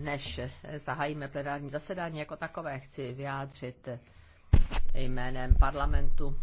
Než zahájíme plenární zasedání jako takové, chci vyjádřit jménem parlamentu